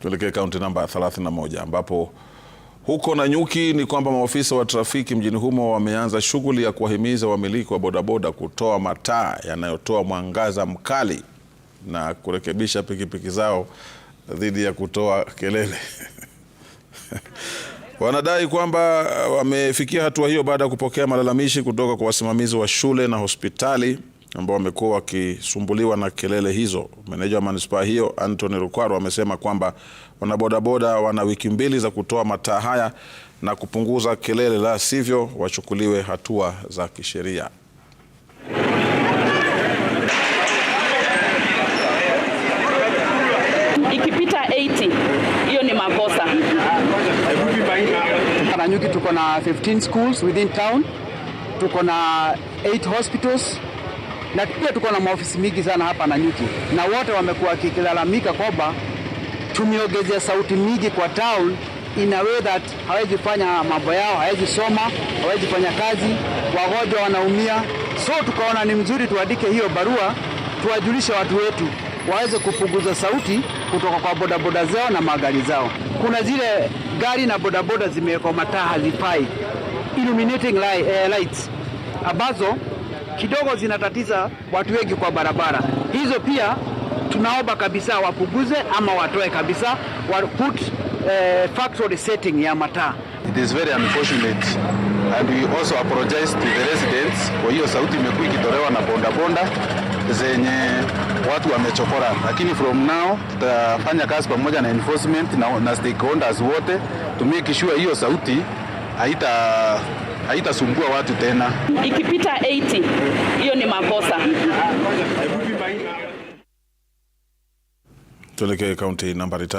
Tuelekee kaunti namba 31 ambapo huko Nanyuki ni kwamba maofisa wa trafiki mjini humo wameanza shughuli ya kuwahimiza wamiliki wa bodaboda kutoa mataa yanayotoa mwangaza mkali na kurekebisha pikipiki zao dhidi ya kutoa kelele. Wanadai kwamba wamefikia hatua hiyo baada ya kupokea malalamishi kutoka kwa wasimamizi wa shule na hospitali ambao wamekuwa wakisumbuliwa na kelele hizo. Meneja wa manispaa hiyo Anthony Rukwaro amesema kwamba wanabodaboda wana wiki mbili za kutoa mataa haya na kupunguza kelele, la sivyo wachukuliwe hatua za kisheria. Ikipita 80 hiyo ni makosa. Nanyuki tuko na 15 schools within town, tuko na 8 hospitals na pia tuko na maofisi mingi sana hapa Nanyuki, na wote wamekuwa wakilalamika kwamba tumeongezea sauti mingi kwa town in a way that hawezi fanya mambo yao, hawezi soma, hawezi fanya kazi, wagonjwa wanaumia. So tukaona ni mzuri tuandike hiyo barua, tuwajulishe watu wetu waweze kupunguza sauti kutoka kwa bodaboda zao na magari zao. Kuna zile gari na bodaboda zimewekwa mataa hazifai illuminating light, eh, lights ambazo kidogo zinatatiza watu wengi kwa barabara hizo. Pia tunaomba kabisa wapunguze ama watoe kabisa, wa put uh, factory setting ya mataa. It is very unfortunate and we also apologize to the residents. Kwa hiyo sauti imekuwa ikitolewa na bondabonda zenye watu wamechokora, lakini from now tutafanya kazi pamoja na enforcement na, na stakeholders wote to make sure hiyo sauti haita haitasumbua watu tena. Ikipita 80 makosa. Tuelekee kaunti nambari